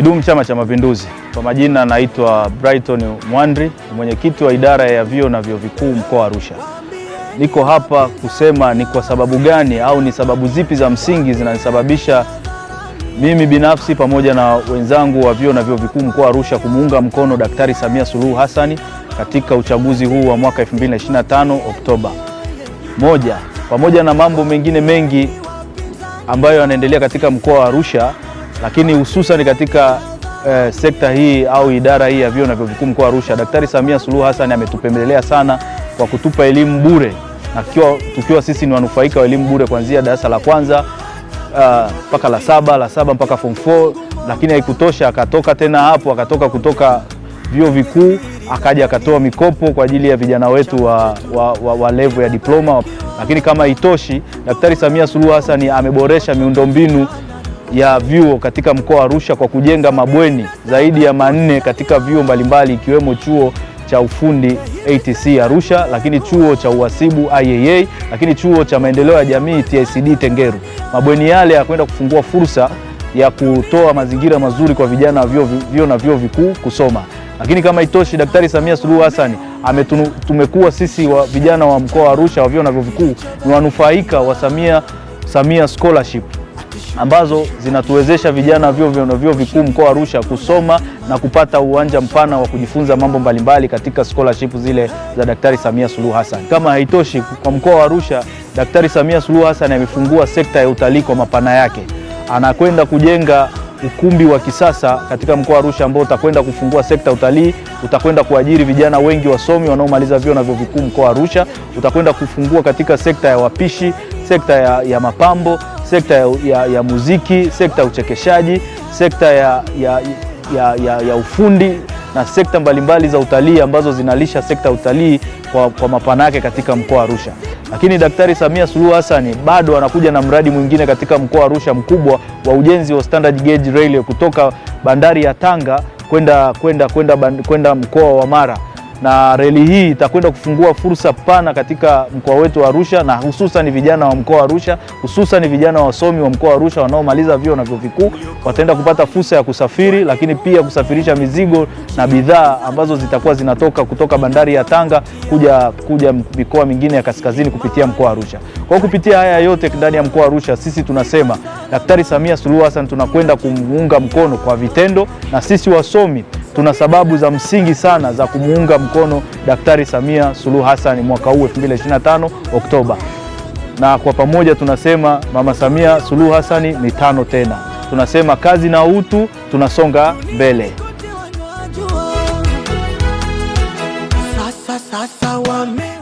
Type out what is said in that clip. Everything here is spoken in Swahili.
Kidumu Chama cha Mapinduzi. Kwa majina naitwa Brighton Mwandri, mwenyekiti wa idara ya vyuo na vyuo vikuu mkoa wa Arusha. Niko hapa kusema ni kwa sababu gani au ni sababu zipi za msingi zinanisababisha mimi binafsi pamoja na wenzangu wa vyuo na vyuo vikuu mkoa wa Arusha kumuunga mkono Daktari Samia Suluhu Hassan katika uchaguzi huu wa mwaka 2025 Oktoba. Moja, pamoja na mambo mengine mengi ambayo yanaendelea katika mkoa wa Arusha lakini hususan katika eh, sekta hii au idara hii ya vyuo na vyuo vikuu mkoa wa Arusha, Daktari Samia Suluhu Hassan ametupembelea sana kwa kutupa elimu bure na kiwa, tukiwa sisi ni wanufaika wa elimu bure kuanzia darasa la kwanza ah, mpaka uh, la saba la saba mpaka form 4, lakini haikutosha, akatoka tena hapo, akatoka kutoka vyuo vikuu akaja akatoa mikopo kwa ajili ya vijana wetu wa, wa, wa, wa level ya diploma. Lakini kama itoshi, Daktari Samia Suluhu Hassan ameboresha miundombinu ya vyuo katika mkoa wa Arusha kwa kujenga mabweni zaidi ya manne katika vyuo mbalimbali ikiwemo chuo cha ufundi ATC Arusha, lakini chuo cha uhasibu IAA, lakini chuo cha maendeleo ya jamii TICD Tengeru. Mabweni yale yakwenda kufungua fursa ya kutoa mazingira mazuri kwa vijana wa vyuo na vyuo vikuu kusoma. Lakini kama itoshi, Daktari Samia Suluhu Hassan tumekuwa sisi wa vijana wa mkoa wa Arusha wa vyuo na vyuo vikuu ni wanufaika wa Samia Samia Scholarship ambazo zinatuwezesha vijana vyo na vyuo vikuu mkoa wa Arusha kusoma na kupata uwanja mpana wa kujifunza mambo mbalimbali katika scholarship zile za Daktari Samia Suluhu Hassan. Kama haitoshi, kwa mkoa wa Arusha Daktari Samia Suluhu Hassan amefungua sekta ya utalii kwa mapana yake, anakwenda kujenga ukumbi wa kisasa katika mkoa wa Arusha ambao utakwenda kufungua sekta utalii, utakwenda kuajiri vijana wengi wasomi wanaomaliza vyuo na vyuo vikuu mkoa wa Arusha, utakwenda kufungua katika sekta ya wapishi, sekta ya, ya mapambo, sekta ya, ya, ya muziki, sekta ya uchekeshaji, sekta ya, ya, ya, ya, ya ufundi na sekta mbalimbali za utalii ambazo zinalisha sekta ya utalii kwa, kwa mapana yake katika mkoa wa Arusha. Lakini Daktari Samia Suluhu Hassan bado anakuja na mradi mwingine katika mkoa wa Arusha mkubwa wa ujenzi wa standard gauge railway kutoka bandari ya Tanga kwenda kwenda kwenda kwenda mkoa wa Mara na reli hii itakwenda kufungua fursa pana katika mkoa wetu wa Arusha na hususan vijana wa mkoa wa Arusha, hususan vijana wasomi wa mkoa wa Arusha wanaomaliza vyuo na vyuo vikuu wataenda kupata fursa ya kusafiri, lakini pia kusafirisha mizigo na bidhaa ambazo zitakuwa zinatoka kutoka bandari ya Tanga kuja kuja mikoa mingine ya kaskazini kupitia mkoa wa Arusha. Kwa kupitia haya yote ndani ya mkoa wa Arusha, sisi tunasema Daktari Samia Suluhu Hassan tunakwenda kumuunga mkono kwa vitendo, na sisi wasomi tuna sababu za msingi sana za kumuunga mkono Daktari Samia Suluhu Hassan mwaka huu 2025 Oktoba, na kwa pamoja tunasema Mama Samia Suluhu Hassan ni tano tena. Tunasema kazi na utu, tunasonga mbele. Sasa, sasa wame